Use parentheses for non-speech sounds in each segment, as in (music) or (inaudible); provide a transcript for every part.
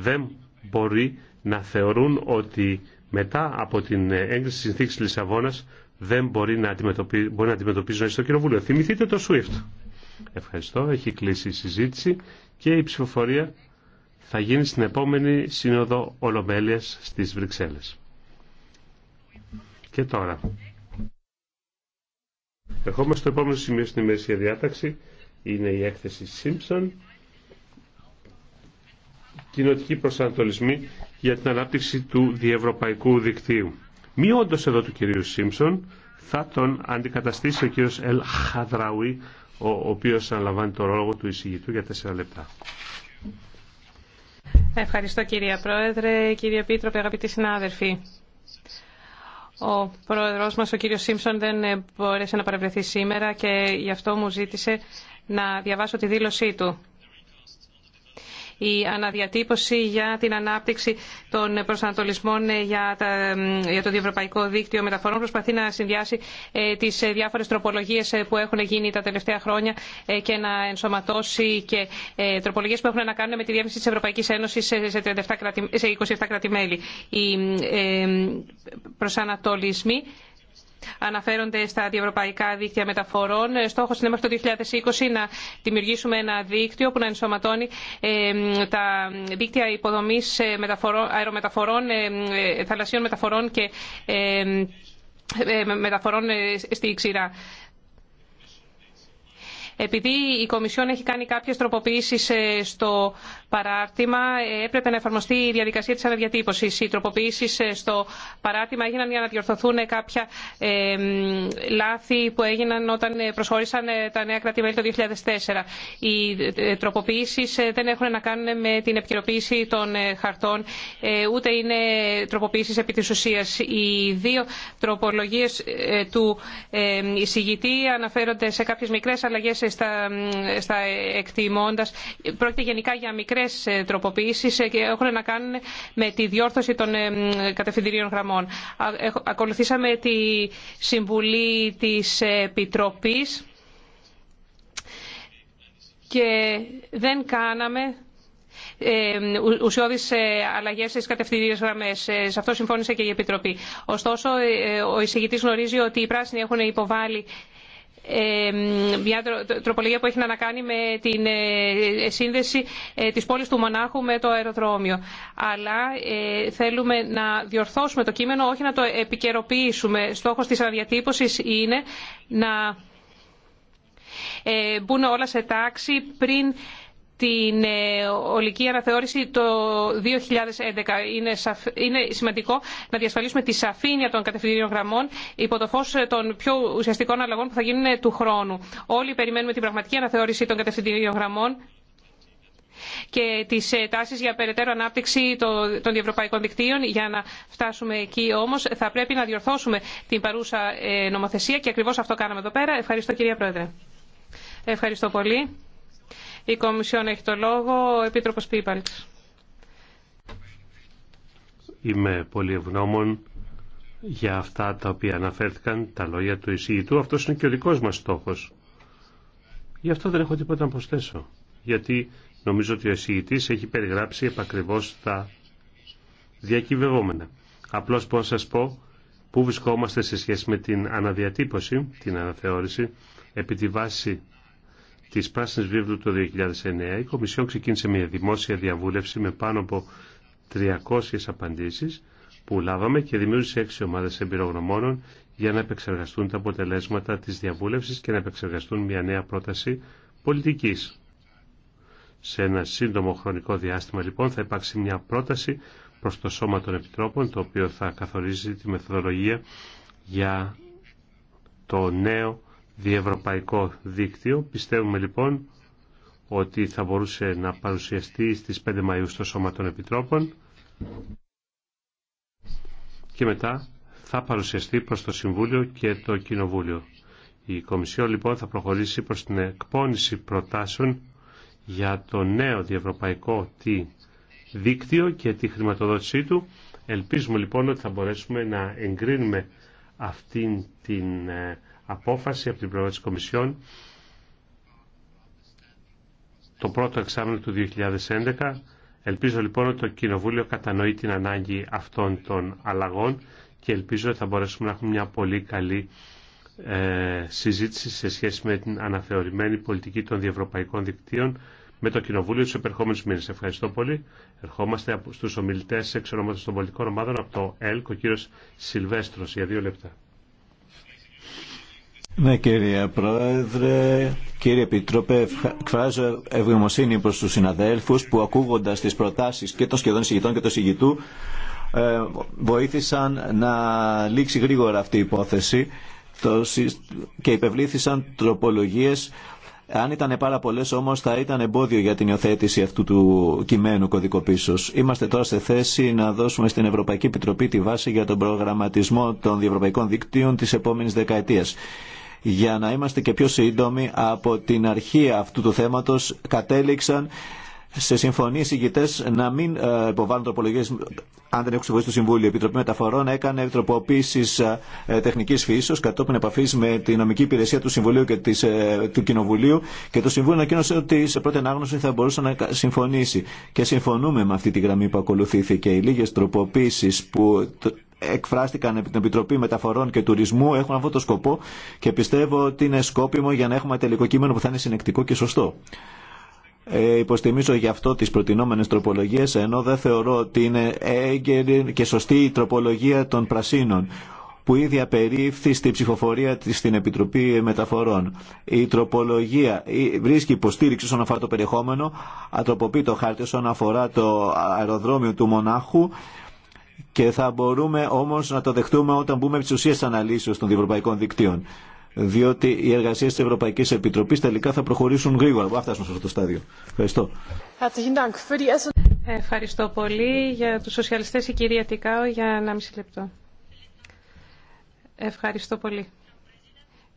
δεν μπορεί να θεωρούν ότι μετά από την έγκριση συνθήκης Λισαβόνας δεν μπορεί να, μπορεί να αντιμετωπίζουν στο Κοινοβούλιο. Θυμηθείτε το SWIFT. Ευχαριστώ. Έχει κλείσει η συζήτηση και η ψηφοφορία θα γίνει στην επόμενη Σύνοδο Ολομέλειας στις Βρυξέλλες. Και τώρα. Ερχόμαστε στο επόμενο σημείο στην ημερήσια διάταξη. Είναι η έκθεση Simpson κοινοτικοί προσανατολισμοί για την ανάπτυξη του διευρωπαϊκού δικτύου. Μη εδώ του κυρίου Σίμψον θα τον αντικαταστήσει ο κύριος Ελ Χαδράουι, ο οποίος αναλαμβάνει το ρόλο του εισηγητού για τέσσερα λεπτά. Ευχαριστώ κυρία Πρόεδρε, κύριε Πίτροπε, αγαπητοί συνάδελφοι. Ο πρόεδρος μας, ο κύριος Σίμψον, δεν μπόρεσε να παρευρεθεί σήμερα και γι' αυτό μου ζήτησε να διαβάσω τη δήλωσή του η αναδιατύπωση για την ανάπτυξη των προσανατολισμών ε, για, τα, για το Διευρωπαϊκό Δίκτυο Μεταφορών προσπαθεί να συνδυάσει ε, τις ε, διάφορες τροπολογίες που έχουν γίνει τα τελευταία χρόνια και να ενσωματώσει και τροπολογίες που έχουν να κάνουν με τη διεύθυνση τη Ευρωπαϊκή Ένωση σε 27 κράτη-μέλη. Οι προσανατολισμοί αναφέρονται στα διευρωπαϊκά δίκτυα μεταφορών. Στόχο είναι μέχρι το 2020 να δημιουργήσουμε ένα δίκτυο που να ενσωματώνει ε, τα δίκτυα υποδομή ε, αερομεταφορών, ε, θαλασσίων μεταφορών και μεταφορών στη ξηρά. Επειδή η Κομισιόν έχει κάνει κάποιες τροποποιήσεις στο παράρτημα ε, έπρεπε να εφαρμοστεί η διαδικασία τη αναδιατύπωση. Οι τροποποιήσει ε, στο παράρτημα έγιναν για να διορθωθούν κάποια ε, λάθη που έγιναν όταν προσχώρησαν τα νέα το 2004. Οι τροποποίησει δεν έχουν να κάνουν με την επικαιροποίηση των χαρτών, ούτε είναι τροποποιήσει επί τη ουσία. Οι δύο τροπολογίες του εισηγητή αναφέρονται σε κάποιε μικρέ αλλαγέ στα, στα εκτιμώντας. Πρόκειται γενικά για μικρέ μικρέ ε, τροποποιήσει ε, και έχουν να κάνουν με τη διόρθωση των ε, κατευθυντηρίων γραμμών. Ακολουθήσαμε τη Συμβουλή τη επιτροπή και δεν κάναμε αλλαγέ αλλαγές στις κατευθυντήριες γραμμές. Σε αυτό συμφώνησε και η Επιτροπή. Ωστόσο, ο εισηγητή γνωρίζει ότι οι πράσινοι έχουν υποβάλει ε, μια τροπολογία που έχει να κάνει με την ε, ε, σύνδεση της πόλης του Μονάχου με το αεροδρόμιο. Αλλά θέλουμε να διορθώσουμε το κείμενο, όχι να το επικαιροποιήσουμε. Στόχος της αναδιατύπωσης είναι να μπουν όλα σε τάξη πριν την ε, ολική αναθεώρηση το 2011. Είναι, είναι σημαντικό να διασφαλίσουμε τη σαφήνεια των κατευθυντήριων γραμμών υπό το φως των πιο ουσιαστικών αλλαγών που θα γίνουν του χρόνου. Όλοι περιμένουμε την πραγματική αναθεώρηση των κατευθυντήριων γραμμών και τις ε, τάσεις για περαιτέρω ανάπτυξη των διευρωπαϊκών δικτύων. Για να φτάσουμε εκεί όμως θα πρέπει να διορθώσουμε την παρούσα ε, νομοθεσία και ακριβώς αυτό κάναμε εδώ πέρα. Ευχαριστώ κυρία Πρόεδρε. Ευχαριστώ πολύ. Η Κομισιόν έχει το λόγο, ο Επίτροπος Πίπαλης. Είμαι πολύ ευγνώμων για αυτά τα οποία αναφέρθηκαν, τα λόγια του εισηγητού. Αυτός είναι και ο δικός μας στόχος. Γι' αυτό δεν έχω τίποτα να προσθέσω. Γιατί νομίζω ότι ο εισηγητής έχει περιγράψει επακριβώς τα διακυβευόμενα. Απλώς πω να σας πω πού βρισκόμαστε σε σχέση με την αναδιατύπωση, την αναθεώρηση, επί τη βάση Τη πράσινη Βίβλου το 2009, η Κομισιόν ξεκίνησε μια δημόσια διαβούλευση με πάνω από 300 απαντήσει που λάβαμε και δημιούργησε έξι ομάδε εμπειρογνωμόνων για να επεξεργαστούν τα αποτελέσματα τη διαβούλευση και να επεξεργαστούν μια νέα πρόταση πολιτική. Σε ένα σύντομο χρονικό διάστημα λοιπόν θα υπάρξει μια πρόταση προς το Σώμα των Επιτρόπων το οποίο θα καθορίζει τη μεθοδολογία για το νέο διευρωπαϊκό δίκτυο. Πιστεύουμε λοιπόν ότι θα μπορούσε να παρουσιαστεί στις 5 Μαΐου στο Σώμα των Επιτρόπων και μετά θα παρουσιαστεί προς το Συμβούλιο και το Κοινοβούλιο. Η Κομισιό λοιπόν θα προχωρήσει προς την εκπόνηση προτάσεων για το νέο διευρωπαϊκό τι δίκτυο και τη χρηματοδότησή του. Ελπίζουμε λοιπόν ότι θα μπορέσουμε να εγκρίνουμε αυτήν την ε, απόφαση από την πλευρά της Κομισιόν το πρώτο εξάμεινο του 2011. Ελπίζω λοιπόν ότι το Κοινοβούλιο κατανοεί την ανάγκη αυτών των αλλαγών και ελπίζω ότι θα μπορέσουμε να έχουμε μια πολύ καλή ε, συζήτηση σε σχέση με την αναθεωρημένη πολιτική των διευρωπαϊκών δικτύων με το Κοινοβούλιο του επερχόμενου μήνε. Ευχαριστώ πολύ. Ερχόμαστε στου ομιλητέ εξ ονόματο των πολιτικών ομάδων από το ΕΛΚ, ο κύριο Σιλβέστρο, για δύο λεπτά. Ναι κύριε Πρόεδρε, κύριε Επιτρόπε, εκφράζω ευγνωμοσύνη προς τους συναδέλφους που ακούγοντας τις προτάσεις και των σχεδόν συγητών και των συγητού ε, βοήθησαν να λήξει γρήγορα αυτή η υπόθεση και υπευλήθησαν τροπολογίες αν ήταν πάρα πολλέ όμω θα ήταν εμπόδιο για την υιοθέτηση αυτού του κειμένου κωδικοποίησεω. Είμαστε τώρα σε θέση να δώσουμε στην Ευρωπαϊκή Επιτροπή τη βάση για τον προγραμματισμό των διευρωπαϊκών δικτύων τη επόμενη δεκαετία για να είμαστε και πιο σύντομοι από την αρχή αυτού του θέματος κατέληξαν σε συμφωνίε οι ηγητέ να μην ε, υποβάλλουν τροπολογίε αν δεν έχουν συμφωνήσει το Συμβούλιο. Η Επιτροπή Μεταφορών έκανε τροποποίηση ε, τεχνική φύσεω κατόπιν επαφή με την νομική υπηρεσία του Συμβουλίου και της, ε, του Κοινοβουλίου και το Συμβούλιο ανακοίνωσε ότι σε πρώτη ανάγνωση θα μπορούσε να συμφωνήσει. Και συμφωνούμε με αυτή τη γραμμή που ακολουθήθηκε. Οι λίγε τροποποίησει που εκφράστηκαν επί την Επιτροπή Μεταφορών και Τουρισμού έχουν αυτό το σκοπό και πιστεύω ότι είναι σκόπιμο για να έχουμε τελικό κείμενο που θα είναι συνεκτικό και σωστό. Ε, υποστημίζω γι' αυτό τις προτινόμενες τροπολογίες ενώ δεν θεωρώ ότι είναι έγκαιρη και σωστή η τροπολογία των πρασίνων που ήδη απερίφθη στη ψηφοφορία της στην Επιτροπή Μεταφορών. Η τροπολογία βρίσκει υποστήριξη όσον αφορά το περιεχόμενο, ατροποποιεί το χάρτη όσον αφορά το αεροδρόμιο του Μονάχου, και θα μπορούμε όμως να το δεχτούμε όταν μπούμε στι ουσίες αναλύσεως των διευρωπαϊκών δικτύων. Διότι οι εργασίες της Ευρωπαϊκής Επιτροπής τελικά θα προχωρήσουν γρήγορα. Αυτά σε αυτό το στάδιο. Ευχαριστώ. Ευχαριστώ πολύ. Για τους σοσιαλιστές η κυρία Τικάο για 1,5 λεπτό. Ευχαριστώ πολύ.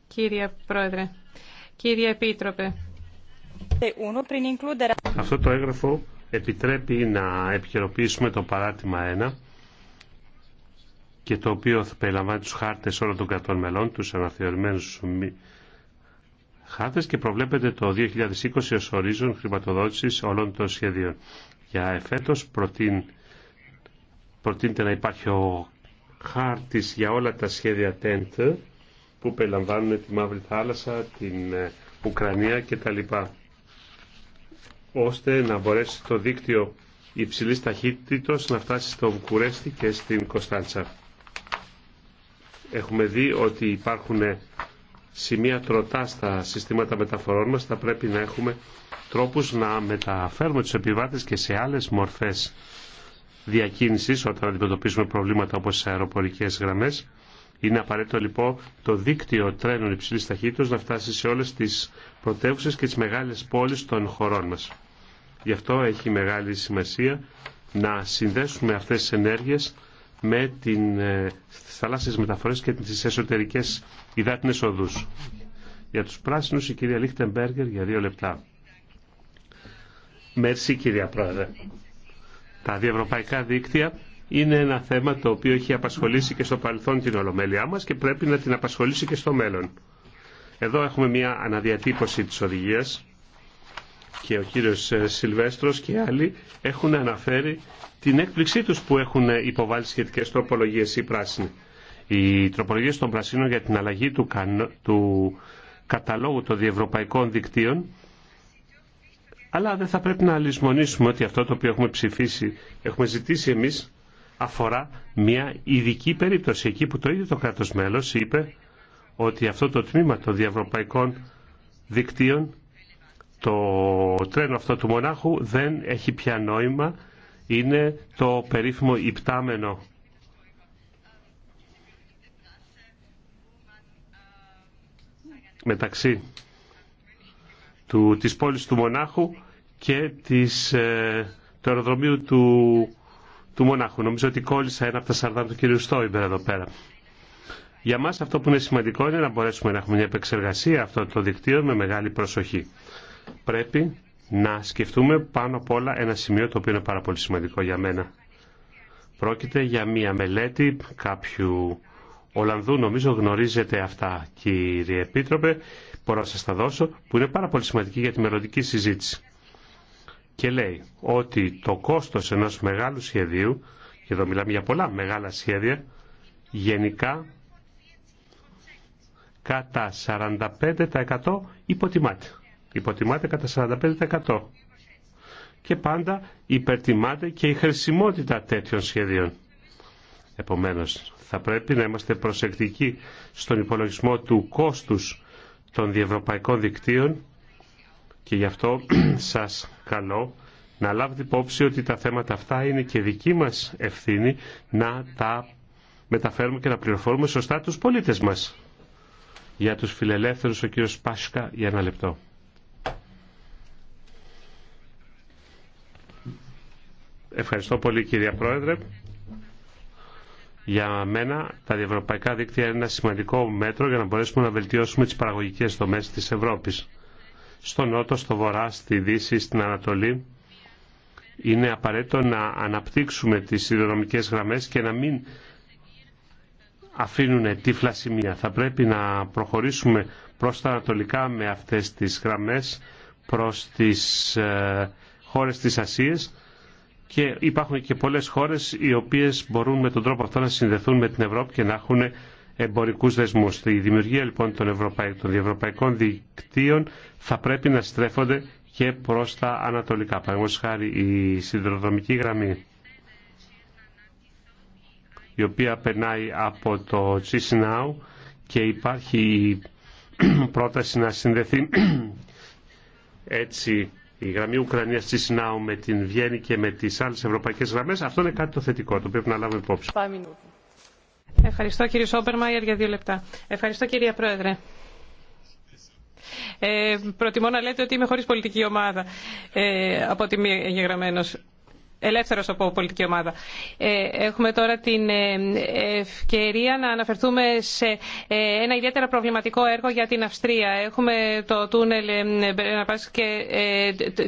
Κύριε Πρόεδρε. Κύριε Επίτροπε. Αυτό το έγγραφο επιτρέπει να επικαιροποιήσουμε το παράτημα 1 και το οποίο θα περιλαμβάνει τους χάρτες όλων των κρατών μελών, τους αναθεωρημένους χάρτες και προβλέπεται το 2020 ως ορίζον χρηματοδότησης όλων των σχεδίων. Για εφέτος προτείν, προτείνεται να υπάρχει ο χάρτης για όλα τα σχέδια TENT που περιλαμβάνουν τη Μαύρη Θάλασσα, την ε, Ουκρανία κτλ. ώστε να μπορέσει το δίκτυο υψηλής ταχύτητος να φτάσει στο Βουκουρέστι και στην Κωνσταντσα. Έχουμε δει ότι υπάρχουν σημεία τροτά στα συστήματα μεταφορών μας. Θα πρέπει να έχουμε τρόπους να μεταφέρουμε τους επιβάτες και σε άλλες μορφές διακίνησης όταν αντιμετωπίζουμε προβλήματα όπως σε αεροπορικές γραμμές. Είναι απαραίτητο λοιπόν το δίκτυο τρένων υψηλής ταχύτητας να φτάσει σε όλες τις πρωτεύουσες και τις μεγάλες πόλεις των χωρών μας. Γι' αυτό έχει μεγάλη σημασία να συνδέσουμε αυτές τις ενέργειες με την, ε, τις θαλάσσιες μεταφορές και τις εσωτερικές υδάτινες οδούς. Για τους πράσινους η κυρία Λίχτεμπέργκερ για δύο λεπτά. Μέρση κυρία Πρόεδρε. Τα διευρωπαϊκά δίκτυα είναι ένα θέμα το οποίο έχει απασχολήσει και στο παρελθόν την ολομέλειά μας και πρέπει να την απασχολήσει και στο μέλλον. Εδώ έχουμε μια αναδιατύπωση της οδηγίας και ο κύριος ε, Σιλβέστρος και άλλοι έχουν αναφέρει την έκπληξή τους που έχουν υποβάλει σχετικές τροπολογίες οι πράσινοι. Οι τροπολογίες των πρασίνων για την αλλαγή του, του καταλόγου των διευρωπαϊκών δικτύων αλλά δεν θα πρέπει να λησμονήσουμε ότι αυτό το οποίο έχουμε ψηφίσει, έχουμε ζητήσει εμείς αφορά μια ειδική περίπτωση εκεί που το ίδιο το κράτος μέλος είπε ότι αυτό το τμήμα των διευρωπαϊκών δικτύων το τρένο αυτό του Μονάχου δεν έχει πια νόημα. Είναι το περίφημο υπτάμενο μεταξύ του, της πόλης του Μονάχου και της, ε, του αεροδρομίου του, του Μονάχου. Νομίζω ότι κόλλησα ένα από τα σαρδάμ του κυρίου Στόιμπερ εδώ πέρα. Για μας αυτό που είναι σημαντικό είναι να μπορέσουμε να έχουμε μια επεξεργασία αυτών των δικτύων με μεγάλη προσοχή πρέπει να σκεφτούμε πάνω απ' όλα ένα σημείο το οποίο είναι πάρα πολύ σημαντικό για μένα. Πρόκειται για μία μελέτη κάποιου Ολλανδού, νομίζω γνωρίζετε αυτά κύριε Επίτροπε, μπορώ να σας τα δώσω, που είναι πάρα πολύ σημαντική για τη μελλοντική συζήτηση. Και λέει ότι το κόστος ενός μεγάλου σχεδίου, και εδώ μιλάμε για πολλά μεγάλα σχέδια, γενικά κατά 45% υποτιμάται υποτιμάται κατά 45% και πάντα υπερτιμάται και η χρησιμότητα τέτοιων σχεδίων. Επομένως, θα πρέπει να είμαστε προσεκτικοί στον υπολογισμό του κόστους των διευρωπαϊκών δικτύων και γι' αυτό (clears throat) σας καλώ να λάβετε υπόψη ότι τα θέματα αυτά είναι και δική μας ευθύνη να τα μεταφέρουμε και να πληροφορούμε σωστά τους πολίτες μας. Για τους φιλελεύθερους ο κύριος Πάσκα για ένα λεπτό. Ευχαριστώ πολύ κυρία Πρόεδρε. Για μένα τα διευρωπαϊκά δίκτυα είναι ένα σημαντικό μέτρο για να μπορέσουμε να βελτιώσουμε τις παραγωγικές δομές της Ευρώπης. Στο νότο, στο βορρά, στη δύση, στην ανατολή είναι απαραίτητο να αναπτύξουμε τις ιδεονομικές γραμμές και να μην αφήνουν τύφλα σημεία. Θα πρέπει να προχωρήσουμε προς τα ανατολικά με αυτές τις γραμμές προς τις ε, χώρες της Ασίας και υπάρχουν και πολλές χώρες οι οποίες μπορούν με τον τρόπο αυτό να συνδεθούν με την Ευρώπη και να έχουν εμπορικούς δεσμούς. Η δημιουργία λοιπόν των, ευρωπαϊκών, διευρωπαϊκών δικτύων θα πρέπει να στρέφονται και προς τα ανατολικά. Παραγωγός χάρη η σιδηροδρομική γραμμή η οποία περνάει από το Τσίσινάου και υπάρχει (clears throat) πρόταση να συνδεθεί (clears throat) έτσι η γραμμή Ουκρανίας στη Σνάου με την Βιέννη και με τις άλλες ευρωπαϊκές γραμμές, αυτό είναι κάτι το θετικό, το πρέπει να λάβουμε υπόψη. Ευχαριστώ κύριε Σόπερμαϊερ για δύο λεπτά. Ευχαριστώ κυρία Πρόεδρε. Ε, προτιμώ να λέτε ότι είμαι χωρίς πολιτική ομάδα ε, από τη μία εγγεγραμμένος ελεύθερος από πολιτική ομάδα. Ε, έχουμε τώρα την ε, ευκαιρία να αναφερθούμε σε ε, ένα ιδιαίτερα προβληματικό έργο για την Αυστρία. Έχουμε το τούνελ και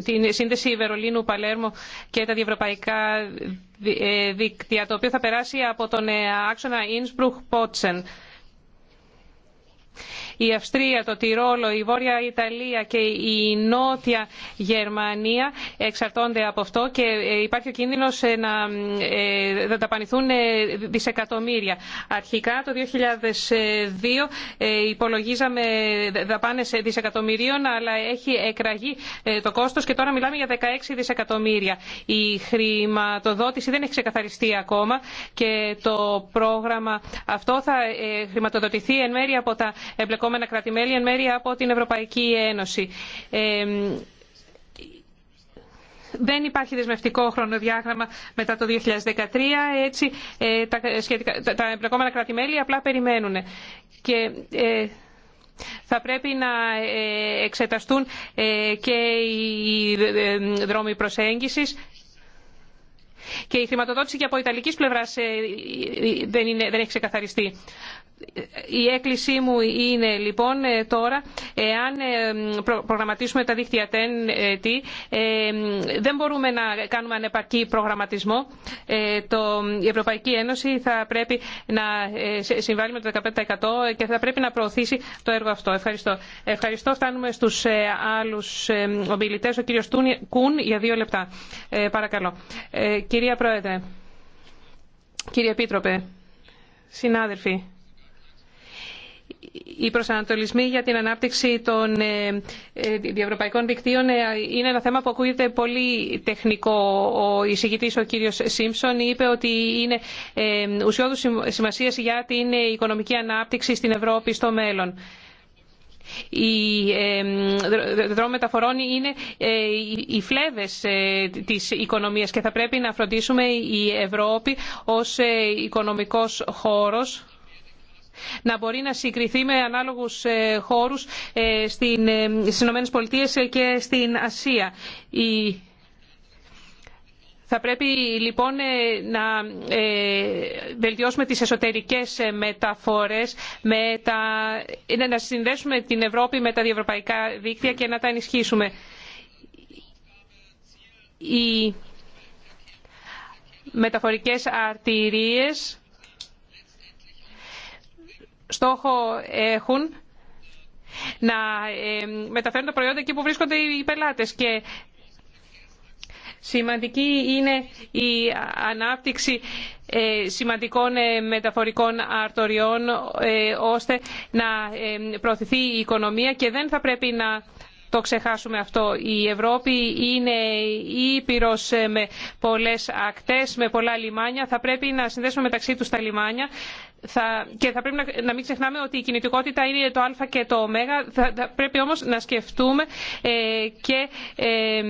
την σύνδεση Βερολίνου-Παλέρμο και τα διευρωπαϊκά δίκτυα, το οποίο θα περάσει από τον άξονα Ινσπρουχ-Πότσεν η Αυστρία, το Τιρόλο, η Βόρεια Ιταλία και η Νότια Γερμανία εξαρτώνται από αυτό και ε, υπάρχει ο κίνδυνος ε, να δαπανηθούν ε, δισεκατομμύρια. Αρχικά το 2002 υπολογίζαμε δαπάνες δισεκατομμυρίων αλλά έχει εκραγεί το κόστος και τώρα μιλάμε για 16 δισεκατομμύρια. Η χρηματοδότηση δεν έχει ξεκαθαριστεί ακόμα και το πρόγραμμα αυτό θα χρηματοδοτηθεί εν μέρει από τα εμπλεκόμενα εμπλεκόμενα εν μέρει από την Ευρωπαϊκή Ένωση. Ε, δεν υπάρχει δεσμευτικό χρονοδιάγραμμα μετά το 2013, έτσι ε, τα, σχετικά, τα εμπλεκόμενα απλά περιμένουν. Και ε, θα πρέπει να εξεταστούν και οι δρόμοι προσέγγισης και η χρηματοδότηση και από ιταλικής πλευράς δεν, είναι, δεν έχει ξεκαθαριστεί η έκκλησή μου είναι λοιπόν ε, τώρα, εάν ε, προγραμματίσουμε τα δίκτυα ε, δεν μπορούμε να κάνουμε ανεπαρκή προγραμματισμό. η Ευρωπαϊκή Ένωση θα πρέπει να συμβάλλει με το 15% και θα πρέπει να προωθήσει το έργο αυτό. Ευχαριστώ. Ευχαριστώ. Φτάνουμε στους άλλους ομιλητές. Ο κύριος Κούν για δύο λεπτά. Παρακαλώ. Κυρία Πρόεδρε, κύριε Επίτροπε, συνάδελφοι, οι προσανατολισμοί για την ανάπτυξη των ε, ε, διευρωπαϊκών δικτύων ε, είναι ένα θέμα που ακούγεται πολύ τεχνικό. Ο εισηγητής, ο κύριος Σίμψον, είπε ότι είναι ουσιώδους σημασίας για την οικονομική ανάπτυξη στην Ευρώπη στο μέλλον. Οι δρόμοι μεταφορών είναι οι φλέβες της οικονομίας και θα πρέπει να φροντίσουμε η Ευρώπη ως οικονομικός χώρος να μπορεί να συγκριθεί με ανάλογους ε, χώρους ε, ε, στι Ηνωμένες Πολιτείες και στην Ασία. Θα πρέπει λοιπόν να βελτιώσουμε τις εσωτερικές μεταφορές, με ναι, να συνδέσουμε την Ευρώπη με τα διευρωπαϊκά δίκτυα και να τα ενισχύσουμε. Οι μεταφορικές αρτηρίες στόχο έχουν να ε, μεταφέρουν τα προϊόντα εκεί που βρίσκονται οι πελάτες και Σημαντική είναι η ανάπτυξη ε, σημαντικών ε, μεταφορικών αρτοριών ώστε να προωθηθεί η οικονομία και δεν θα πρέπει να το ξεχάσουμε αυτό. Η Ευρώπη είναι ήπειρος με πολλές ακτές, με πολλά λιμάνια. Θα πρέπει να συνδέσουμε μεταξύ τους τα λιμάνια και θα πρέπει να, μην ξεχνάμε ότι η κινητικότητα είναι το α και το ω. Θα, πρέπει όμως να σκεφτούμε ε, και... Ε,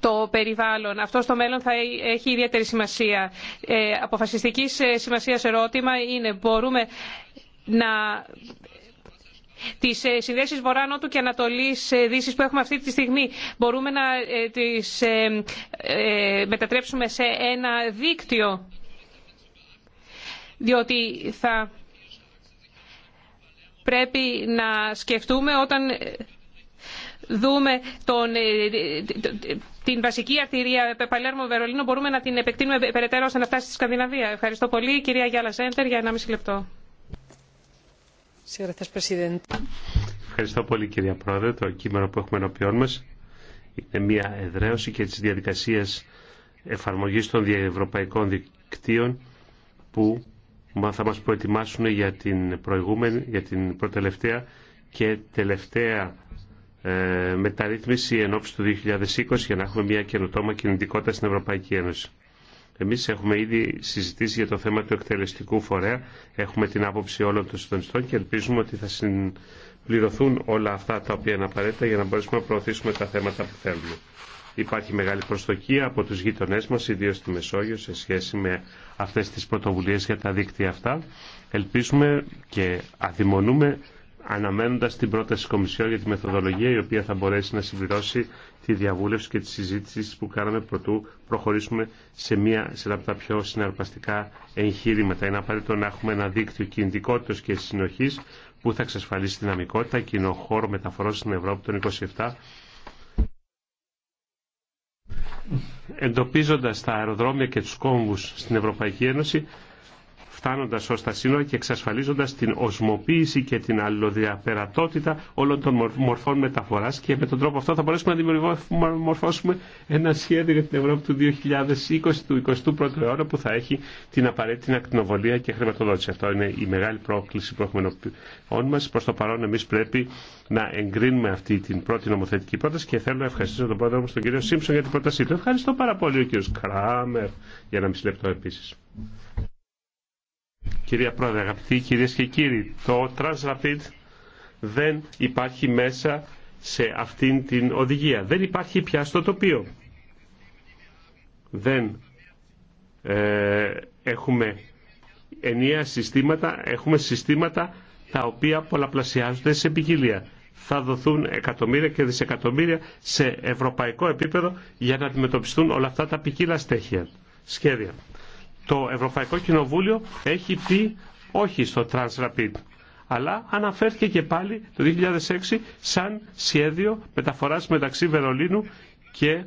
το περιβάλλον. Αυτό στο μέλλον θα έχει ιδιαίτερη σημασία. Ε, αποφασιστικής ε, σημασίας ερώτημα είναι μπορούμε να τι ε, συνδέσει Βορρά, Νότου και Ανατολή ε, Δύση που έχουμε αυτή τη στιγμή μπορούμε να ε, τι μετατρέψουμε σε ένα δίκτυο. Διότι θα πρέπει να σκεφτούμε όταν δούμε τον, την βασική αρτηρία Παλέρμο-Βερολίνο μπορούμε να την επεκτείνουμε περαιτέρω ώστε να φτάσει στη Σκανδιναβία. Ευχαριστώ πολύ. Κυρία Γιάλα Σέντερ για μισή λεπτό. Ευχαριστώ πολύ κυρία Πρόεδρε. Το κείμενο που έχουμε ενώπιόν μας είναι μια εδραίωση και της διαδικασίας εφαρμογής των διευρωπαϊκών δικτύων που θα μας προετοιμάσουν για την προηγούμενη, για την προτελευταία και τελευταία ε, μεταρρύθμιση ενώπιση του 2020 για να έχουμε μια καινοτόμα κινητικότητα στην Ευρωπαϊκή Ένωση. Εμείς έχουμε ήδη συζητήσει για το θέμα του εκτελεστικού φορέα, έχουμε την άποψη όλων των συντονιστών και ελπίζουμε ότι θα συμπληρωθούν όλα αυτά τα οποία είναι απαραίτητα για να μπορέσουμε να προωθήσουμε τα θέματα που θέλουμε. Υπάρχει μεγάλη προστοκία από τους γείτονές μας, ιδίως στη Μεσόγειο, σε σχέση με αυτές τις πρωτοβουλίες για τα δίκτυα αυτά. Ελπίζουμε και αδειμονούμε αναμένοντας την πρόταση της Κομισιόν για τη μεθοδολογία η οποία θα μπορέσει να συμπληρώσει τη διαβούλευση και τη συζήτηση που κάναμε πρωτού προχωρήσουμε σε, μια, σε από τα πιο συναρπαστικά εγχείρηματα. Είναι απαραίτητο να έχουμε ένα δίκτυο κινητικότητας και συνοχής που θα εξασφαλίσει δυναμικότητα και είναι ο χώρο μεταφορών στην Ευρώπη των 27 εντοπίζοντας τα αεροδρόμια και τους κόμβους στην Ευρωπαϊκή Ένωση φτάνοντας ως τα σύνορα και εξασφαλίζοντας την οσμοποίηση και την αλληλοδιαπερατότητα όλων των μορφών μεταφοράς και με τον τρόπο αυτό θα μπορέσουμε να δημορφώσουμε ένα σχέδιο για την Ευρώπη του 2020 του 21ου αιώνα που θα έχει την απαραίτητη ακτινοβολία και χρηματοδότηση. Αυτό είναι η μεγάλη πρόκληση που έχουμε ενώπιον μας. Προς το παρόν εμείς πρέπει να εγκρίνουμε αυτή την πρώτη νομοθετική πρόταση και θέλω να ευχαριστήσω τον πρόεδρο μας τον κύριο Σίμψον για την πρότασή του. Ευχαριστώ πάρα πολύ ο κύριος Κράμερ για να μισή λεπτό επίσης. Κυρία Πρόεδρε, αγαπητοί κυρίες και κύριοι, το Transrapid δεν υπάρχει μέσα σε αυτήν την οδηγία. Δεν υπάρχει πια στο τοπίο. Δεν ε, έχουμε ενιαία συστήματα, έχουμε συστήματα τα οποία πολλαπλασιάζονται σε ποικιλία. Θα δοθούν εκατομμύρια και δισεκατομμύρια σε ευρωπαϊκό επίπεδο για να αντιμετωπιστούν όλα αυτά τα ποικίλα στέχεια, σχέδια το Ευρωπαϊκό Κοινοβούλιο έχει πει όχι στο Transrapid. Αλλά αναφέρθηκε και πάλι το 2006 σαν σχέδιο μεταφοράς μεταξύ Βερολίνου και,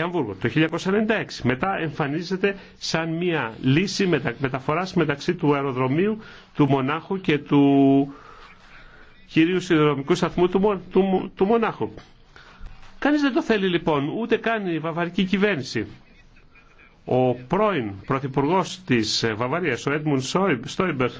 Αμβούργου. Το 1996 μετά εμφανίζεται σαν μια λύση μεταφοράς μεταξύ του αεροδρομίου του Μονάχου και του κυρίου σιδηροδρομικού σταθμού του, του... του Μονάχου. Κανείς δεν το θέλει λοιπόν, ούτε καν η βαβαρική κυβέρνηση. Ο πρώην Πρωθυπουργό τη ε, Βαβαρία, ο Έντμουν Στόιμπερ,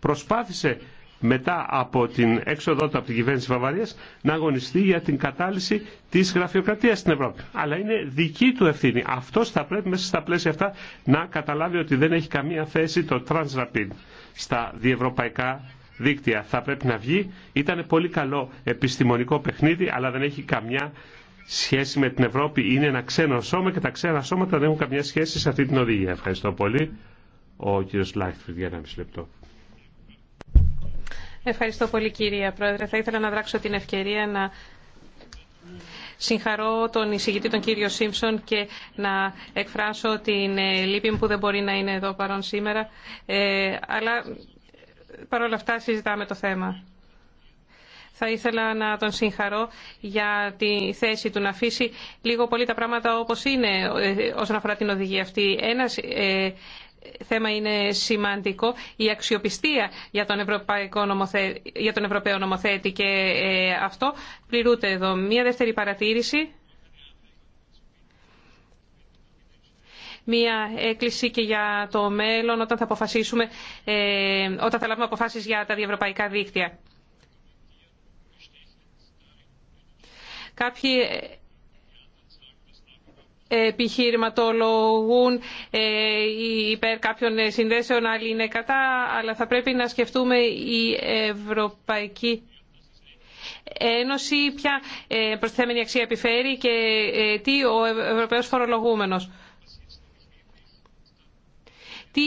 προσπάθησε μετά από την έξοδό του από την κυβέρνηση της να αγωνιστεί για την κατάλυση τη γραφειοκρατίας στην Ευρώπη. Αλλά είναι δική του ευθύνη. Αυτό θα πρέπει μέσα στα πλαίσια αυτά να καταλάβει ότι δεν έχει καμία θέση το Transrapid στα διευρωπαϊκά δίκτυα. Θα πρέπει να βγει. Ήταν πολύ καλό επιστημονικό παιχνίδι, αλλά δεν έχει καμιά σχέση με την Ευρώπη είναι ένα ξένο σώμα και τα ξένα σώματα δεν έχουν καμιά σχέση σε αυτή την οδηγία. Ευχαριστώ πολύ. Ο κύριος Λάχτφιντ για ένα μισή λεπτό. Ευχαριστώ πολύ κυρία Πρόεδρε. Θα ήθελα να δράξω την ευκαιρία να συγχαρώ τον εισηγητή τον κύριο Σίμψον και να εκφράσω την ε, λύπη μου που δεν μπορεί να είναι εδώ παρόν σήμερα. Ε, αλλά παρόλα αυτά συζητάμε το θέμα θα ήθελα να τον συγχαρώ για τη θέση του να αφήσει λίγο πολύ τα πράγματα όπως είναι ε, όσον αφορά την οδηγία αυτή. Ένα ε, θέμα είναι σημαντικό η αξιοπιστία για τον, Ευρωπαϊκό νομοθέτη, Ευρωπαίο νομοθέτη και ε, αυτό πληρούνται εδώ. Μία δεύτερη παρατήρηση. μία έκκληση και για το μέλλον όταν θα, αποφασίσουμε, όταν θα λάβουμε αποφάσεις για τα διευρωπαϊκά δίκτυα. Κάποιοι ε, επιχειρηματολογούν ε, υπέρ κάποιων συνδέσεων, άλλοι είναι κατά, αλλά θα πρέπει να σκεφτούμε η Ευρωπαϊκή Ένωση ποια ε, προσθέμενη αξία επιφέρει και τι ο Ευρωπαίος φορολογούμενος. Τι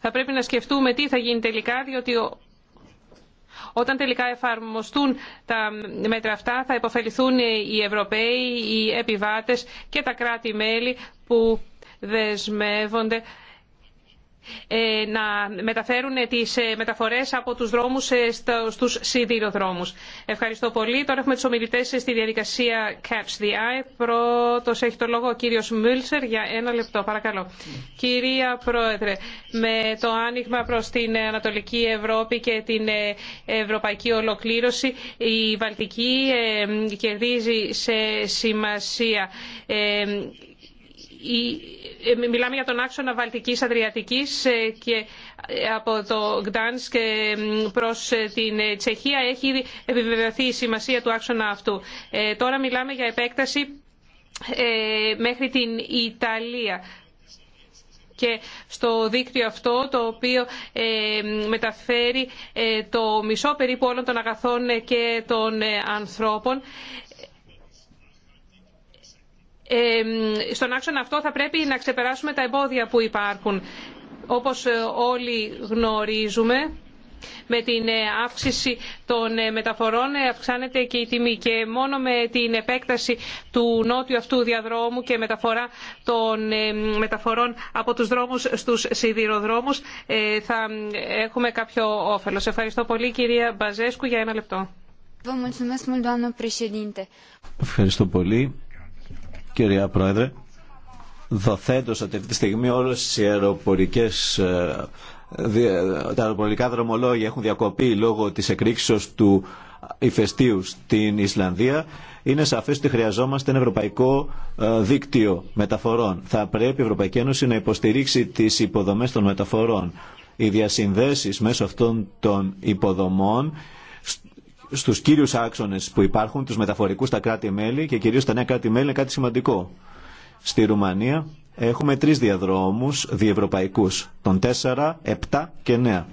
θα πρέπει να σκεφτούμε τι θα γίνει τελικά, διότι όταν τελικά εφαρμοστούν τα μέτρα αυτά θα υποφεληθούν οι Ευρωπαίοι, οι επιβάτες και τα κράτη-μέλη που δεσμεύονται ε, να μεταφέρουν τις ε, μεταφορές από τους δρόμους ε, στους σιδηροδρόμους. Ευχαριστώ πολύ. Τώρα έχουμε τους ομιλητές στη διαδικασία Catch the Eye. Πρώτος έχει το λόγο ο κύριος Μούλσερ για ένα λεπτό. Παρακαλώ. Κυρία Πρόεδρε, με το άνοιγμα προς την Ανατολική Ευρώπη και την Ευρωπαϊκή Ολοκλήρωση η Βαλτική κερδίζει σε σημασία ε, μιλάμε για τον άξονα Βαλτικής Αδριατικής ε, και ε, από το Γκτάνς και προς την Τσεχία έχει επιβεβαιωθεί η σημασία του άξονα αυτού. Τώρα μιλάμε για επέκταση μέχρι την Ιταλία και στο δίκτυο αυτό το οποίο μεταφέρει το μισό περίπου όλων των αγαθών και των ανθρώπων στον άξονα αυτό θα πρέπει να ξεπεράσουμε τα εμπόδια που υπάρχουν. Όπως ε, όλοι γνωρίζουμε, με την ε, αύξηση των ε, μεταφορών αυξάνεται και η τιμή και μόνο με την επέκταση του νότιου αυτού διαδρόμου και μεταφορά των μεταφορών από τους δρόμους στους σιδηροδρόμους θα έχουμε κάποιο όφελος. Ευχαριστώ πολύ κυρία Μπαζέσκου για ένα λεπτό. Ευχαριστώ πολύ κυρία Πρόεδρε. Δοθέντως ότι αυτή τη στιγμή όλες οι αεροπορικές ε, τα αεροπορικά δρομολόγια έχουν διακοπεί λόγω της εκρήξεως του ηφαιστείου στην Ισλανδία, είναι σαφές ότι χρειαζόμαστε ένα ευρωπαϊκό ε, δίκτυο μεταφορών. Θα πρέπει η Ευρωπαϊκή Ένωση να υποστηρίξει τις υποδομές των μεταφορών. Οι διασυνδέσεις μέσω αυτών των υποδομών στους κύριους άξονες που υπάρχουν, τους μεταφορικούς στα κράτη-μέλη και κυρίως στα νέα κράτη-μέλη είναι κάτι σημαντικό. Στη Ρουμανία έχουμε τρεις διαδρόμους διευρωπαϊκούς, τον 4, 7 και 9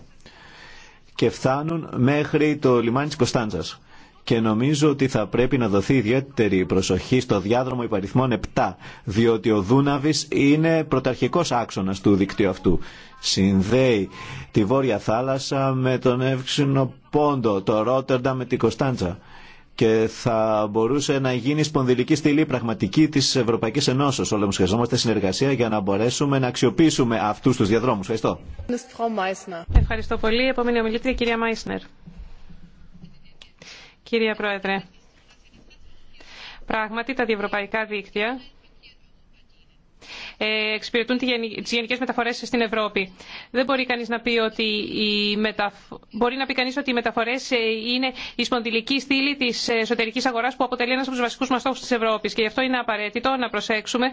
και φτάνουν μέχρι το λιμάνι της Κωνσταντζας. Και νομίζω ότι θα πρέπει να δοθεί ιδιαίτερη προσοχή στο διάδρομο υπαριθμών 7, διότι ο Δούναβης είναι πρωταρχικός άξονας του δικτύου αυτού. Συνδέει τη Βόρεια Θάλασσα με τον Εύξηνο πόντο, το Ρότερντα με την Κωνσταντζα και θα μπορούσε να γίνει σπονδυλική στήλη πραγματική τη Ευρωπαϊκή Ενώσεω. Όλα μου χρειαζόμαστε συνεργασία για να μπορέσουμε να αξιοποιήσουμε αυτού του διαδρόμου. Ευχαριστώ. Ευχαριστώ πολύ. Επόμενη ομιλήτρια, κυρία Μάισνερ. Κυρία Πρόεδρε, πράγματι τα διευρωπαϊκά δίκτυα ε, εξυπηρετούν τι γενικέ μεταφορέ στην Ευρώπη. Δεν μπορεί, κανείς να πει ότι οι οι μεταφορές ε, είναι η σπονδυλική στήλη τη εσωτερική αγορά που αποτελεί ένα από του βασικού μας στόχου τη Ευρώπη και γι' αυτό είναι απαραίτητο να προσέξουμε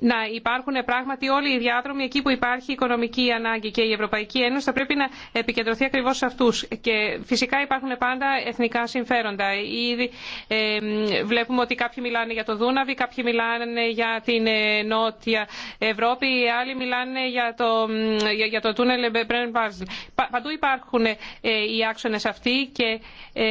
να υπάρχουν πράγματι όλοι οι διάδρομοι εκεί που υπάρχει οικονομική ανάγκη και η Ευρωπαϊκή Ένωση θα πρέπει να επικεντρωθεί ακριβώς σε αυτούς. Και φυσικά υπάρχουν πάντα εθνικά συμφέροντα. Ήδη βλέπουμε ότι κάποιοι μιλάνε για το Δούναβι, κάποιοι μιλάνε για την ε, Νότια Ευρώπη, άλλοι μιλάνε για το, για, το τούνελ Μπρέν Βάζλ. Παντού υπάρχουν ε, οι άξονες αυτοί και ε,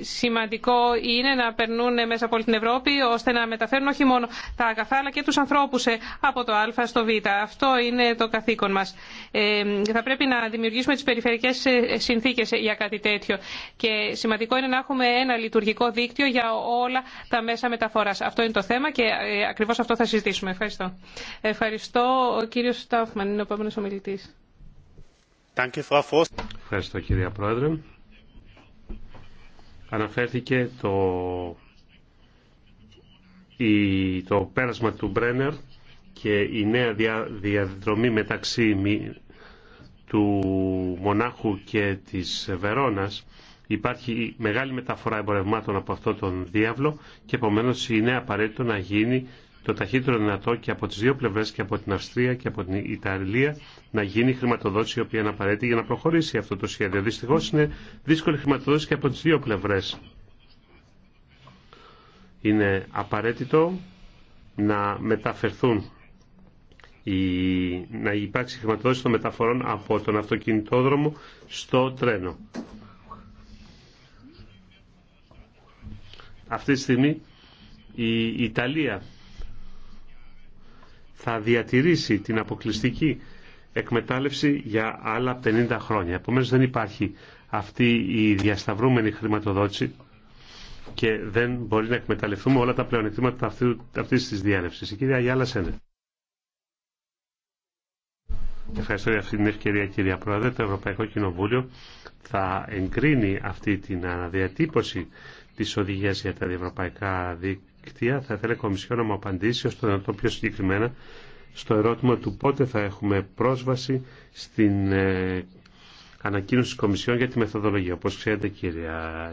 σημαντικό είναι να περνούν μέσα από όλη την Ευρώπη ώστε να μεταφέρουν όχι μόνο τα αγαθά αλλά και τους ανθρώπου. Ε, από το Α στο Β. Αυτό είναι το καθήκον μας. Ε, θα πρέπει να δημιουργήσουμε τις περιφερειακές ε, συνθήκες για κάτι τέτοιο. Και σημαντικό είναι να έχουμε ένα λειτουργικό δίκτυο για όλα τα μέσα μεταφοράς. Αυτό είναι το θέμα και ακριβώς αυτό θα συζητήσουμε. Ευχαριστώ. Ευχαριστώ. Ο κύριος Στάφμαν είναι ο επόμενος ομιλητής. Ευχαριστώ κυρία Πρόεδρε. Αναφέρθηκε το το πέρασμα του Μπρένερ και η νέα διαδρομή μεταξύ του Μονάχου και της Βερόνας υπάρχει μεγάλη μεταφορά εμπορευμάτων από αυτό τον διάβλο και επομένω είναι απαραίτητο να γίνει το ταχύτερο δυνατό και από τις δύο πλευρές και από την Αυστρία και από την Ιταλία να γίνει χρηματοδότηση η οποία είναι απαραίτητη για να προχωρήσει αυτό το σχέδιο. Δυστυχώς είναι δύσκολη χρηματοδότηση και από τις δύο πλευρές είναι απαραίτητο να μεταφερθούν να υπάρξει χρηματοδότηση των μεταφορών από τον αυτοκινητόδρομο στο τρένο. Αυτή τη στιγμή η Ιταλία θα διατηρήσει την αποκλειστική εκμετάλλευση για άλλα 50 χρόνια. Επομένως δεν υπάρχει αυτή η διασταυρούμενη χρηματοδότηση και δεν μπορεί να εκμεταλλευτούμε όλα τα πλεονεκτήματα αυτή τη διάλευση. Η κυρία Γιάλα Σένερ. Ευχαριστώ για αυτή την ευκαιρία κυρία Πρόεδρε. Το Ευρωπαϊκό Κοινοβούλιο θα εγκρίνει αυτή την αναδιατύπωση τη οδηγία για τα διευρωπαϊκά δίκτυα. Θα ήθελα η Κομισιόν να μου απαντήσει ώστε να το πιο συγκεκριμένα στο ερώτημα του πότε θα έχουμε πρόσβαση στην ε, ανακοίνωση τη Κομισιόν για τη μεθοδολογία. Όπω ξέρετε κύριε,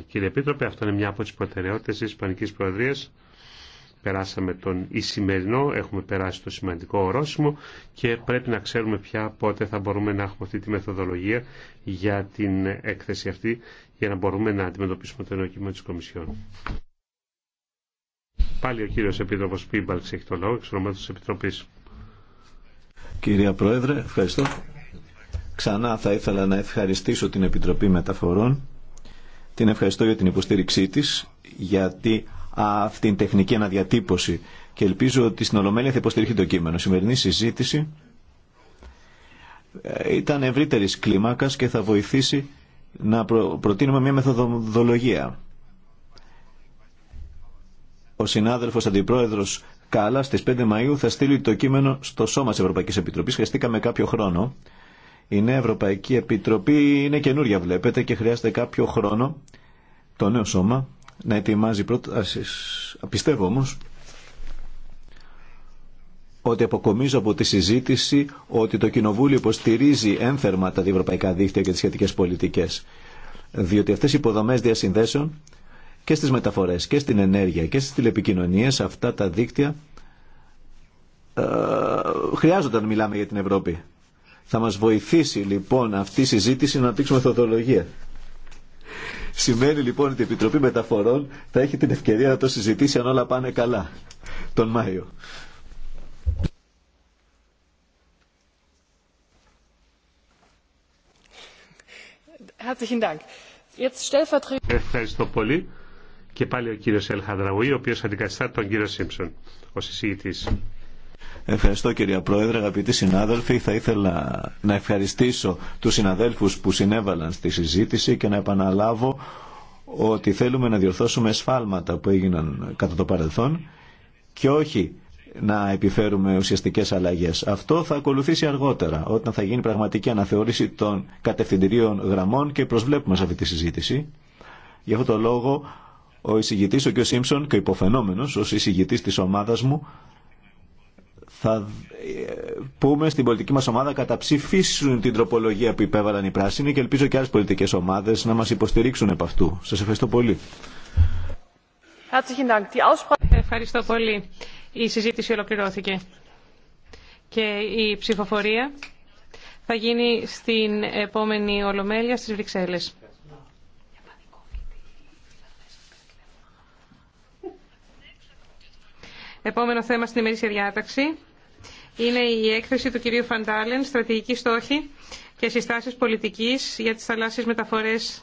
κύριε Επίτροπε, αυτό είναι μια από τι προτεραιότητε τη Ισπανική Προεδρία. Περάσαμε τον Ισημερινό, έχουμε περάσει το σημαντικό ορόσημο και πρέπει να ξέρουμε πια πότε θα μπορούμε να έχουμε αυτή τη μεθοδολογία για την έκθεση αυτή για να μπορούμε να αντιμετωπίσουμε το ενόχημα της Κομισιόν. Πάλι ο κύριος Επίτροπος Πίμπαλξ έχει το λόγο, εξ Επιτροπής. Κυρία Πρόεδρε, ευχαριστώ. Ξανά θα ήθελα να ευχαριστήσω την Επιτροπή Μεταφορών. Την ευχαριστώ για την υποστήριξή της, γιατί αυτήν τεχνική αναδιατύπωση και ελπίζω ότι στην Ολομέλεια θα υποστηρίχει το κείμενο. Η σημερινή συζήτηση ε, ήταν ευρύτερης κλίμακας και θα βοηθήσει να προτείνουμε μια μεθοδολογία. Ο συνάδελφος αντιπρόεδρος Κάλλα στις 5 Μαΐου θα στείλει το κείμενο στο Σώμα της Ευρωπαϊκής Επιτροπής. Χρειαστήκαμε κάποιο χρόνο η Νέα Ευρωπαϊκή Επιτροπή είναι καινούρια βλέπετε και χρειάζεται κάποιο χρόνο το νέο σώμα να ετοιμάζει πρότασεις. Πιστεύω όμως ότι αποκομίζω από τη συζήτηση ότι το Κοινοβούλιο υποστηρίζει ένθερμα τα διευρωπαϊκά δίκτυα και τις σχετικές πολιτικές. Διότι αυτές οι υποδομές διασυνδέσεων και στις μεταφορές και στην ενέργεια και στις τηλεπικοινωνίες αυτά τα δίκτυα ε, χρειάζονται να μιλάμε για την Ευρώπη. Θα μας βοηθήσει λοιπόν αυτή η συζήτηση να αναπτύξουμε μεθοδολογία. Σημαίνει λοιπόν ότι η Επιτροπή Μεταφορών θα έχει την ευκαιρία να το συζητήσει αν όλα πάνε καλά τον Μάιο. Ευχαριστώ πολύ. Και πάλι ο κύριος Ελχαδραουή, ο οποίος αντικαταστά τον κύριο Σίμψον ο εισηγητής. Ευχαριστώ κυρία Πρόεδρε, αγαπητοί συνάδελφοι. Θα ήθελα να ευχαριστήσω τους συναδέλφους που συνέβαλαν στη συζήτηση και να επαναλάβω ότι θέλουμε να διορθώσουμε σφάλματα που έγιναν κατά το παρελθόν και όχι να επιφέρουμε ουσιαστικές αλλαγές. Αυτό θα ακολουθήσει αργότερα όταν θα γίνει πραγματική αναθεώρηση των κατευθυντηρίων γραμμών και προσβλέπουμε σε αυτή τη συζήτηση. Γι' αυτό το λόγο ο εισηγητής ο κ. Σίμψον και ο υποφαινόμενος ως εισηγητής της ομάδας μου θα ε, πούμε στην πολιτική μας ομάδα καταψηφίσουν την τροπολογία που υπέβαλαν οι πράσινοι και ελπίζω και άλλες πολιτικές ομάδες να μας υποστηρίξουν επ' αυτού. Σας ευχαριστώ πολύ. Ευχαριστώ πολύ. Η συζήτηση ολοκληρώθηκε και η ψηφοφορία θα γίνει στην επόμενη Ολομέλεια στις Βρυξέλλες. Επόμενο θέμα στην ημερήσια διάταξη είναι η έκθεση του κυρίου Φαντάλεν «Στρατηγική στόχη και συστάσεις πολιτικής για τις θαλάσσιες μεταφορές της